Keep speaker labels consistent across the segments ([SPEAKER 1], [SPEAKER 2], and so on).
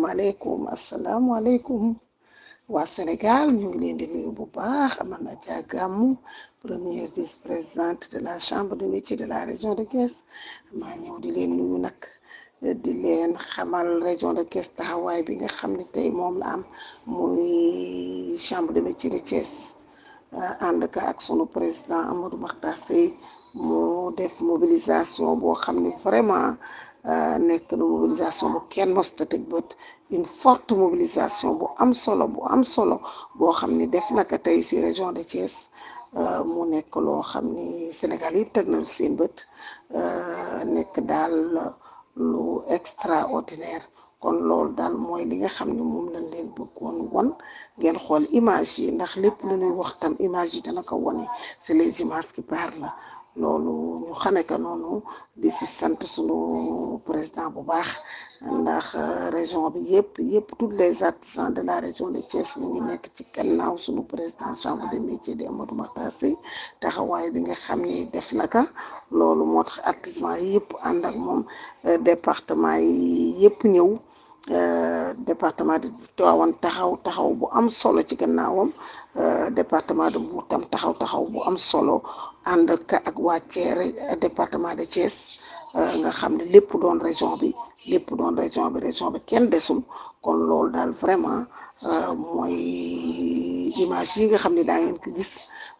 [SPEAKER 1] asalaamaaleykum asalaamaaleykum waa Sénégal ñu ngi leen di nuyu bu baax Amana Dia Gamou première vice-présidente de la chambre de métier de la région de Thiès maa ñëw di leen nuyu nag di leen xamal région de Thiès taxawaay bi nga xam ne tey moom la am muy chambre de métier de Thiès ànd ka ak sunu président Amadou Makhtar mu def mobilisation boo xam ne vraiment euh, nekk na mobilisation bu kenn mosta tëj bët une forte mobilisation bu am solo bu am solo boo xam ni def naka tey si région de Thiès euh, mu nekk loo xam ni Sénégal yëpp teg nañu seen bët euh, nekk daal lu extraordinaire kon loolu daal mooy li nga xam ni moom lañ leen bëggoon won ngeen xool image yi ndax lépp lu ñuy wax tam image yi dana ka wone c'est les images qui parlent loolu ñu ka que noonu di ci sante sunu président bu baax ndax euh, région bi yépp yépp tous les artisans de la région de Thiès ñu ngi nekk ci gannaaw sunu président chambre de métier di Amadou Makhtar Sy taxawaay bi nga xam ni def na ka loolu moo tax artisans yépp ànd ak moom euh, département yi yépp ñëw. Euh, département de Tivaouane taxaw taxaw bu am solo ci gannaawam euh, département de Mbour tam taxaw taxaw bu am solo ànd ak waa Thiès euh, département de Thiès nga xam ne lépp doon région bi lépp doon région bi région bi kenn desul kon loolu daal vraiment mooy. image yi nga xam ne daa ngeen ko gis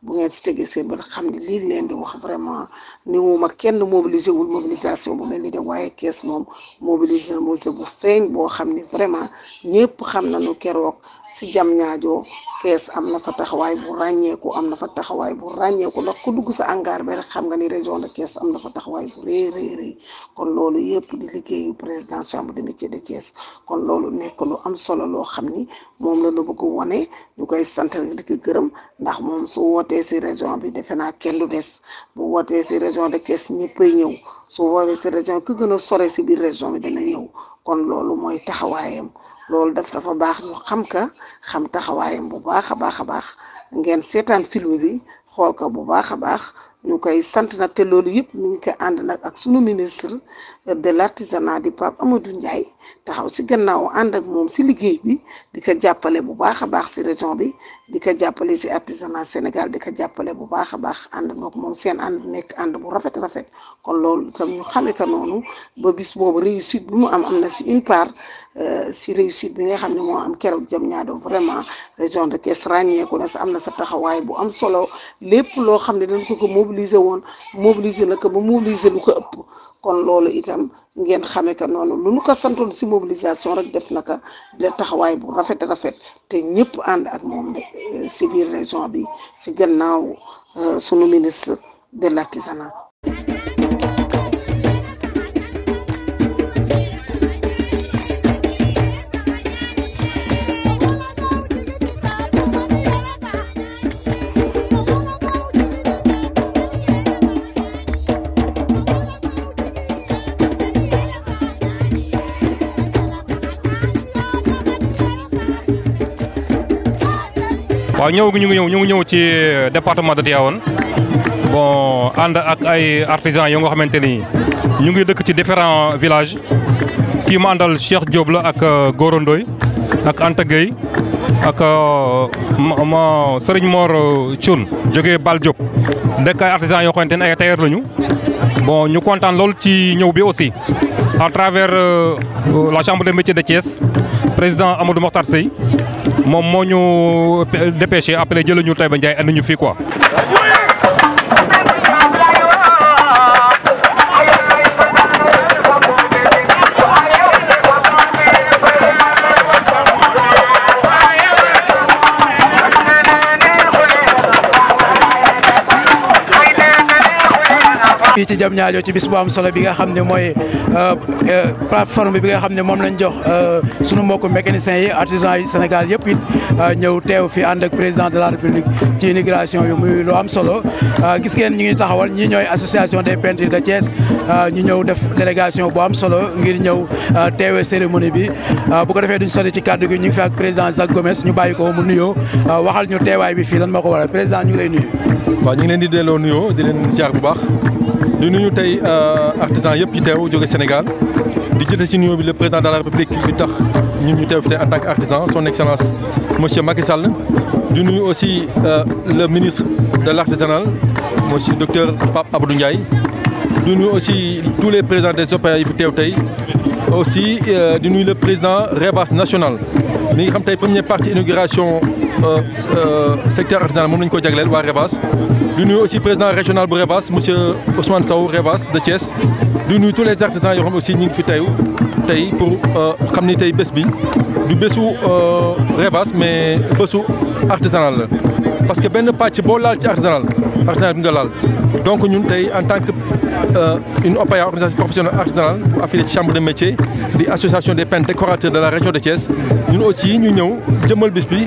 [SPEAKER 1] bu ngeen si tegee seen ba xam ne lii leen di wax vraiment ni wuma kenn mobilisé wul mobilisation bu mel ni de waaye kees moom mobilisé na mobilisé bu feeñ boo xam ne vraiment ñëpp xam na nañu kerook si jam ñaajoo kees am na fa taxawaay bu ràññeeku am na fa taxawaay bu ràññeeku ndax ku dugg sa angaar bi rek xam nga ni région de Thiès am na fa taxawaay bu rëy rëy rëy kon loolu yëpp di liggéeyu président chambre de métier de Thiès kon loolu nekk lu am solo loo xam ni moom la nu bëgg wone ñu koy santal di ko gërëm ndax moom su wootee si région bi defe naa kenn du des bu wootee si région de Thiès ñëppay ñëw su wooree si région ku gën a sore si biir région bi dana ñëw kon loolu mooy taxawaayam loolu daf dafa baax ñu xam ka xam taxawaayam bu baax a baax a baax ngeen seetaan film bi xool ko bu baax a baax ñu koy sant na te loolu yëpp ñu ngi koy ànd nag ak sunu ministre de l'artisanat di Pape Amadou Ndiaye taxaw si gannaaw ànd ak moom si liggéey bi di ko jàppale bu baax a baax si région bi di ko jàppale si artisanat Sénégal di ko jàppale bu baax a baax ànd noog moom seen ànd nekk ànd bu rafet rafet kon loolu tam ñu xamee ko noonu ba bis boobu réussite bi mu am am na si une part si euh, réussite bi nga xam ne moo am keroog jam ñaado vraiment région de Thiès ràññeeku na sa am na sa taxawaay bu am solo lépp loo xam ne dañ ko ko mobilisé woon mobilisé na ba mobilisé lu ko ëpp kon loolu itam ngeen xamee ko noonu lu nu ko santoon si mobilisation rek def na ko de taxawaay bu rafet rafet te ñëpp ànd ak moom de si biir région bi si gannaaw euh, sunu ministre de l'artisanat
[SPEAKER 2] waaw ñëw gi ñu ñu ci euh, département de Tivaouane bon and ak ay artisans yo nga ñu ngi ci différents villages qui mandal Cheikh Diop la ak euh, Gorondoy ak Anta Gueye ak euh, ma Serigne Mor Thioune jógee Bal Diop nekk ay artisans yo xamante ay tailleur lañu bon ñu kontaan l'ol ci ñew bi aussi à travers la chambre des métiers de Thiès président Amadou Mokhtar Sey moom moo ñu dépêché après jëlañu Taïba Ndiaye andi ñu fii quoi.
[SPEAKER 3] fii ci jam ñaajo ci bis bu am solo bi nga xam ne mooy euh, euh, plateforme bi nga xam ne moom lañ jox euh, sunu mbokku mécaniciens yi artisans yi Sénégal yëpp it ñëw teew fi ànd ak président de la République ci immigration yu muy lu am solo gis ngeen ñu ngi taxawal ñi ñooy association des peintres de Thiès ñu ñëw def délégation bu am solo ngir ñëw teewee cérémonie bi bu ko defee duñ sori ci kàddu gi ñu ngi fi ak président Jacques Gomes ñu bàyyi ko mu nuyoo waxal ñu teewaay bi fii lan moo ko waral président ñu ngi lay nuyu. waaw leen di delloo nuyoo di leen ziar bu baax. Nous nuyu tey euh, artisans yëpp yi teew
[SPEAKER 4] Sénégal di avons le président de la république bi tax ñun ñu en tant son excellence monsieur Macky Sall di aussi euh, le ministre de l'artisanat monsieur docteur Pape Abdou Ndiaye Nous avons aussi tous les présidents des OPA yi fi aussi euh, di le président Rebas national mi avons xam première partie inauguration euh, euh, secteur artisanal moom lañu ko Rebas du aussi président régional de Rebas monsieur Ousmane Sow Rebas de Thiès nous sommes tous les artisans qui xam aussi ñi ngi fi pour ramener euh, ni tey bi du bésu Rebas mais bésu artisanal parce que ben ne pas de ci artisanal artisanal bi donc nous sommes en tant que une organisation professionnelle artisanale affiliée de chambre de métier di association des peintres décorateurs de la région de Thiès nous aussi nous sommes jëmal des bi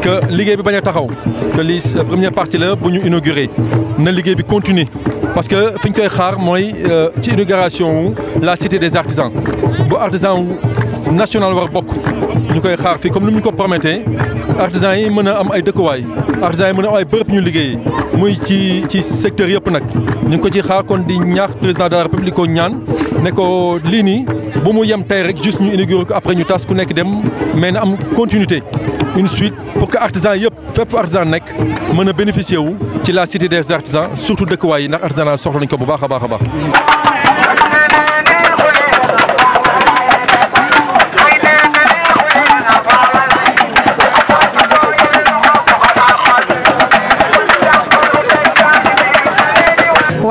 [SPEAKER 4] que liggéey bi bañ que la première partie là pour nous Nous na bi parce que fin que koy xaar mooy euh, ci inauguration la cité des artisans Les artisans national war bokk ñu koy xaar fi comme ni mu ko prometté artisan yi mëna am ay dëkkuwaay artisan yi mëna ay bërëb ñu liggéey muy ci ci secteur yëpp nak ñu ko ci xaar kon di ñaax président de la république ko ñaan ne ko lii nii bu mu yem tay rek juste ñu inaugurer ko après ñu tas ku nekk dem mais na am continuité une suite pour que artisan yëpp fep artisan nekk mëna bénéficier wu ci la cité des artisans surtout dëkkuwaay yi ndax artisan soxla nañ ko bu baax a baax baax.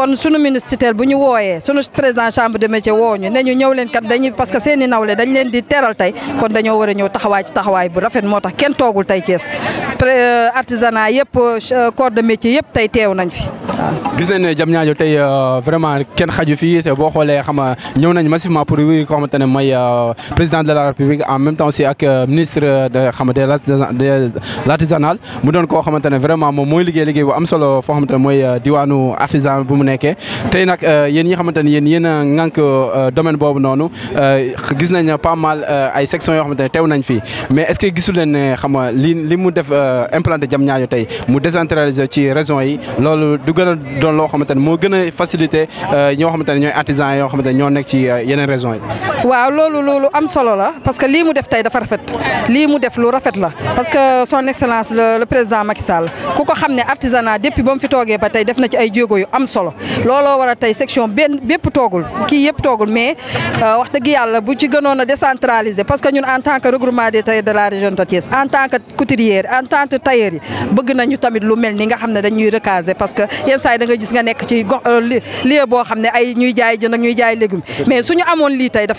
[SPEAKER 5] kon sunu ministre tutelle bu ñu wooyee sunu président chambre de métier woo ñu ne ñu ñëw leen kat dañuy parce que seen i nawle dañ leen di teral tey kon dañoo war a ñëw taxawaay ci taxawaay bu rafet moo tax kenn toogul tey euh, artisanat yëpp euh, corps de métier yëpp tey teew nañ fi.
[SPEAKER 3] gis nañ ne jam Diamniadio tey euh, vraiment kenn xaju fii boo xoolee xam ñëw nañ massivement pour wuyu ko xamante ne mooy euh, président de la république en même temps aussi ak euh, ministre de xam des des l'artisanal mu doon koo xamante ne vraiment moom mooy liggéey liggéey bu am solo foo xamante ne mooy diwaanu artisan bu mu nekkee tey nag yéen ñi xamante ne yéen yéen a ŋànk domaine boobu noonu gis nañ pas mal ay section yoo xamante ne teew nañ fii mais est-ce que gisul leen ne xam li li mu def jam ñaajo tey mu décentraliser ci régions yi loolu dugal a doon loo xamante ne moo gën a facilité euh, ñoo xamante ne ñooy artisans yoo xamante ne ñoo nekk ci euh, yeneen régions yi
[SPEAKER 5] waaw loolu loolu am solo la parce que lii mu def tey dafa rafet lii mu def lu rafet la parce que son excellence le président Macky Sall ku ko xam ne artisanat depuis ba mu fi toogee ba tey def na ci ay jéego yu am solo looloo war a tey section benn bépp toogul kii yëpp toogul mais euh, wax dëgg yàlla bu ci gënoon a décentraliser parce que ñun en tant que regroupement des tailleurs de la région de Thiès en tant que couturier en tant que tailleur yi bëgg nañu tamit lu mel ni nga xam parce que yenn saa yi gis nga nekk ci euh, boo xam ne ay ñuy jaay jën ak ñuy jaay légumes mais suñu amoon lii tey daf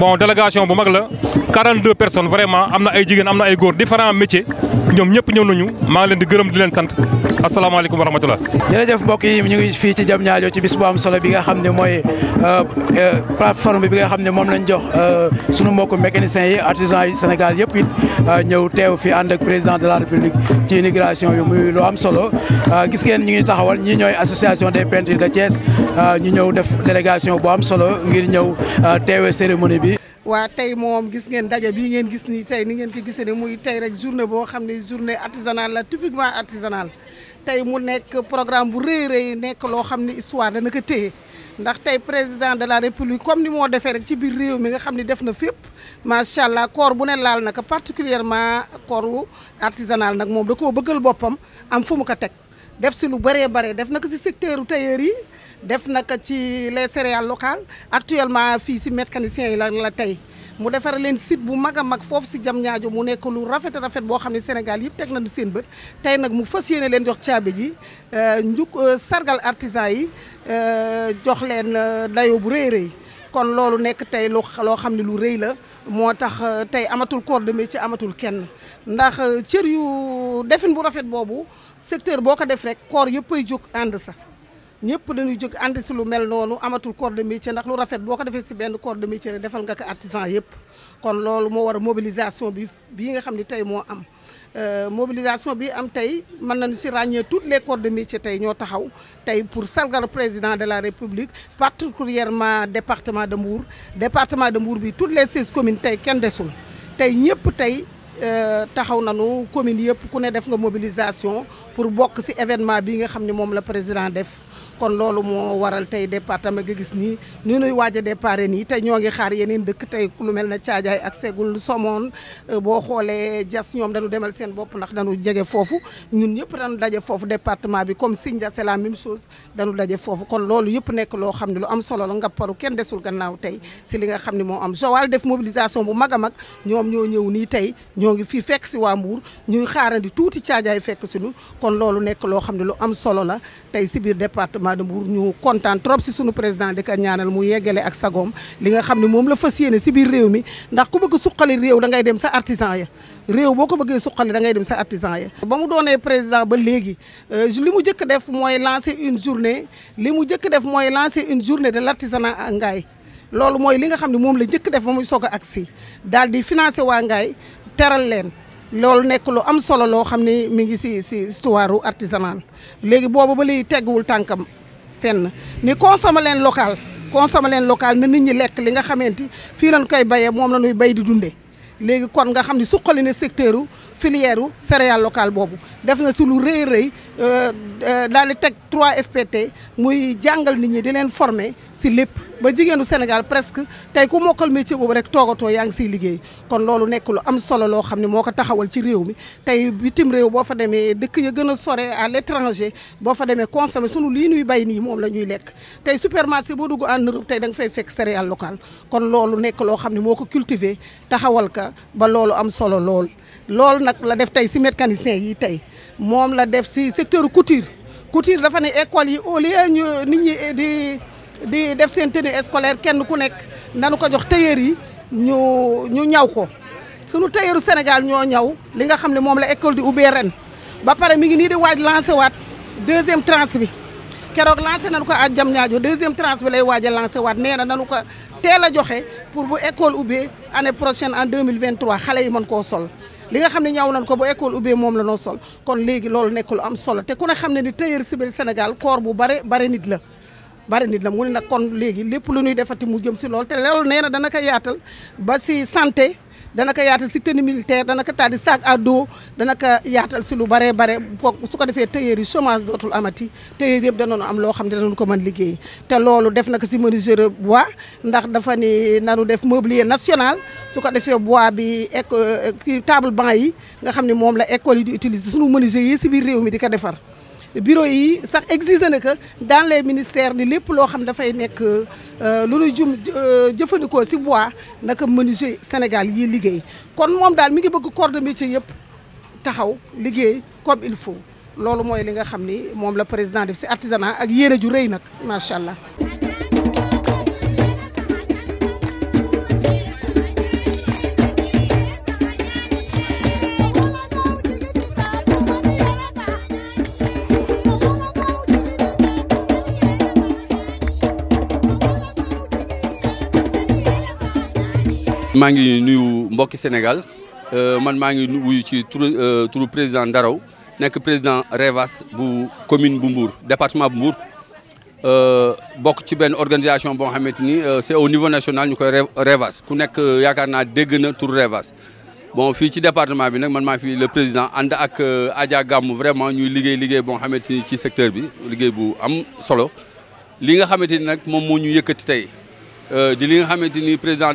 [SPEAKER 2] bon délégation bu 42 personnes vraiment amna ay différents métiers ñom ñep ñew nañu ma ngi leen di di asalaamaaleykum wa rahmatulah.
[SPEAKER 3] jërëjëf mbokk yi ñu fii ci jam ñaajo ci bis bu am solo bi nga xam ne mooy euh, euh, plateforme bi nga xam ne moom lañ jox euh, sunu mbokk mécaniciens yi artisans yi Sénégal yëpp it ñëw teew fi ànd président de la République ci immigration bi muy loo am solo gis ngeen ñu ngi taxawal ñi ñooy association des peintres de Thiès ñu ñëw def délégation boo am solo ngir ñëw teewee cérémonie bi.
[SPEAKER 6] waa tey moom gis ngeen daje bii ngeen gis nii tey ni ngeen ko gisee ne muy tey rek journée boo xam ne journée artisanale la typiquement artisanale tay mu nek programme bu rëy rëy nekk loo xam histoire da naka téye ndax tay président de la république comme ni mo defee rek ci biir réew mi nga xamni def na fep machallah allah bu ne laal naka particulièrement corps artisanal nak mom da ko bëggal bopam am fu mu ko teg def ci lu bare bare def na ci secteur tailleur yi def na ci les céréales locales actuellement fi ci mécanicien la tay mu defar leen sit bu mag a mag foofu si jam ñaajo mu nekk lu rafet rafet boo xam ne Sénégal yëpp teg nañu seen bët tey nag mu fas yéene leen jox caabi ji euh, njuk euh, sargal artisan yi euh, jox leen dayo bu rëy rëy kon loolu nekk tey lu loo xam ne lu rëy la moo tax tey amatul corps de ci amatul kenn ndax cër yu defin bu rafet boobu secteur boo ko def rek corps ay jóg ànd sax ñepp dañuy jóg ànd si lu mel nonu amatul corps de métier ndax lu rafet boko ko ci benn corps de métier rek defal nga ko artisan yépp kon loolu mo war mobilisation bi bi nga xamni tay mo am euh, mobilisation bi am tay man nañu ci ràññee toutes les corps de métier tay ño taxaw tay pour le président de la république particulièrement département de Mbour département de Mbour bi toutes les 16 communes tey kenn desul tey ñëpp tey euh, taxaw nañu commune yépp ku ne def nga mobilisation pour bok ci événement bi nga xamni mom le la président def kon loolu moo waral tey département nga gis nii ni nuy waaj a départ nii tey ñoo ngi xaar yeneen dëkk tey lu mel na caajaay ak segul somoon euh, boo xoolee jas ñoom danu demal seen bopp ndax dañu jege foofu ñun ñëpp dañu daje foofu département bi comme Sindia e la même chose danu daje foofu kon loolu yëpp nekk loo xam ne lu am solo la nga paru kenn desul gannaaw tey si li nga xam ne moo am Joal def bu mag a mag ñoom ñoo ñëw nii tey ñoo ngi fii fekk si waa Mbour ñuy xaarandi tuuti caajaay fekk sinu kon loolu nekk loo xam ne lu am solo la tey si biir département département de ñu de trop si sunu président de ñaanal mu ak sagom li nga xamni mom la biir réew mi ndax ku bëgg réew da ngay sa artisan ya réew da ngay sa artisan ya ba mu président ba euh, def lancer une journée def lancer une journée de l'artisanat artisanat à loolu moy li nga xamni mom la jëk def ba di financer loolu nekk lu am solo loo xam ne mi ngi si si histoire artisanal léegi boobu ba lay tegguwul tànkam fenn ni consommé leen local consommé leen local na nit ñi lekk li nga xamante fii lañ koy bayee moom la ñuy bay di dundee léegi kon nga xam ni suqali ne secteur filière u céréale locale boobu def na si lu rëy rëy euh, euh di teg 3 FPT muy jangal nit ñi di leen former si lépp ba jigéenu Sénégal presque tay ku mokal métier bobu rek toogatoo yaa ngi siy liggéey kon lolu nekk lu am solo lo xamni moko taxawal ci réew mi tay bitim réew bo fa démé dëkk ya gëna soré à l'étranger bo fa démé consommer sunu li nuy bay ni mom lañuy ñuy tay supermarché boo duggu en Europe tey da nga fay fekk céréale locale kon lolu nekk lo xamni moko cultiver taxawal ka ba lolu am solo lool lol nak la def tay si mécanicien yi tay mom la def si secteur couture couture dafa ne école yi au lieu ñu nit ñi di di def sen tenue scolaire kenn ku nek nanu ko jox tailleur yi ñu ñu ñaw ko sunu tailleur Sénégal ño ñaw li nga xamné mom la école di ubbee ren ba paré mi ngi ni di waaj lancé waat deuxième tranche bi kérok lancer nañu ko ak jam ñaajo deuxième tranche bi lay waaj lancer wat néna nanu ko téla joxé pour bu école ubé année prochaine en 2023 xalé yi mën ko sol li nga xam ne ñaw nañ ko bu école ubbee moom la noo sol kon léegi loolu nekk lu am solo te ku ne xam ne ni tailleur si biir Sénégal corps bu bare bare nit la bari nit la mu ne nag kon léegi lépp lu ñuy defati mu jëm si lool te loolu nee na dana ko yaatal ba si santé dana ko yaatal si tenue militaire dana ko tàddi sac à dos ko yaatal si lu baree bare su ko defee tailleur yi chômage dootul amati tailleur yëpp danoonu am loo xam ne danoonu ko liggéey te loolu def na ko si menuiserie bois ndax dafa ni nanu def mobilier national su ko defee bois bi éco table banc yi nga xam ne moom la école yi di utiliser sunu menuisier yi si biir réew mi di ko defar bureau yi sax exiger na que dans les ministère ni lépp loo xam dafay nekk euh, lu nu jum euh, jëfandikoo si bois naka menuisier Sénégal yi liggéey kon moom daal mi ngi bëgg corps de métier yëpp taxaw liggéey comme il faut loolu mooy li nga xam ni moom la président def si artisanat ak yéene ju nag macha allah.
[SPEAKER 7] Je suis nuyu Sénégal euh, man suis euh, président ci suis président président Revas commune bu département Euh, organisation euh, c'est au niveau national ñu Revas Revas bon département bi nak le président andak ak Adja vraiment ñuy la secteur bi bu am solo li nga di li nga président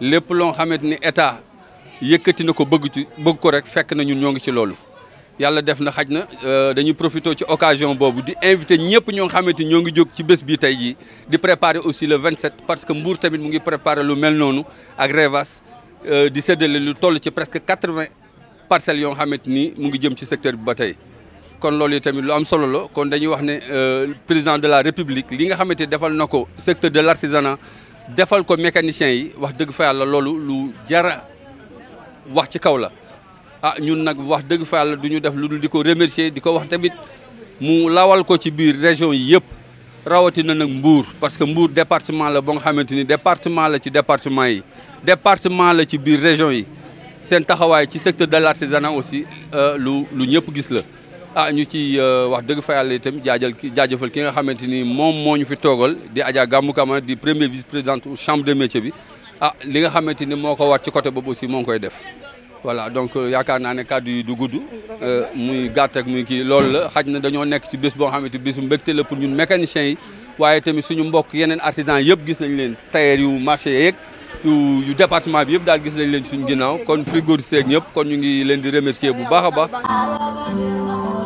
[SPEAKER 7] lépp loo xamante ni état yëkkati na ko bëgg ci bëgg ko rek fekk na ñun ñoo Il ci loolu yàlla def na xaj euh, dañuy profité ci occasion boobu di inviter ñëpp ñoo xamante ni ñoo ngi jóg ci bés bi tey jii di préparer aussi le 27 parce que Mbour tamit mu ngi préparer lu mel noonu ak Revas euh, di séddale lu toll ci presque 80 parcelles yoo xamante ni mu ngi jëm ci secteur bi Quand tey. kon loolu yi tamit lu am solo la kon dañuy wax euh, président de la république li nga xamante ni defal na secteur de l'artisanat defal ko mécanicien yi wax dëgg fa yàlla loolu lu jara wax ci kaw la ah ñun nag wax dëgg fa yàlla du ñu def lu dul di ko remercier di ko wax tamit mu lawal ko ci biir région yi yëpp rawatina nag Mbour parce que Mbour département la ba nga xamante ni département la ci département yi département la ci biir région yi seen taxawaay ci secteur de l'artisanat aussi euh, lu lu ñëpp gis la ah ñu ci euh, wax deug fa yalla itam jaajal jaajëfal ki nga xamanteni mom moom ñu fi togal di Adja Gamou Kama di premier vice présidente chambre de métier bi ah li nga xamanteni moko moo war ci côté bobu aussi mo ngi koy def voilà donc euh, yaakaar naa ne kàddu yi du gudd euh, muy gàtt ak muy ki lool la xajna dañu nek ci bës bo xamanteni ni bésu le pour ñun mécaniciens yi waaye tamit suñu mbokk yenen artisan yépp gis nañ leen tailleur yu marché yeeg yu yu département bi yépp daal gis nañ leen suñu ginnaw kon frigoriste ak ñépp kon ñu ngi leen di remercier bu baax a
[SPEAKER 5] baax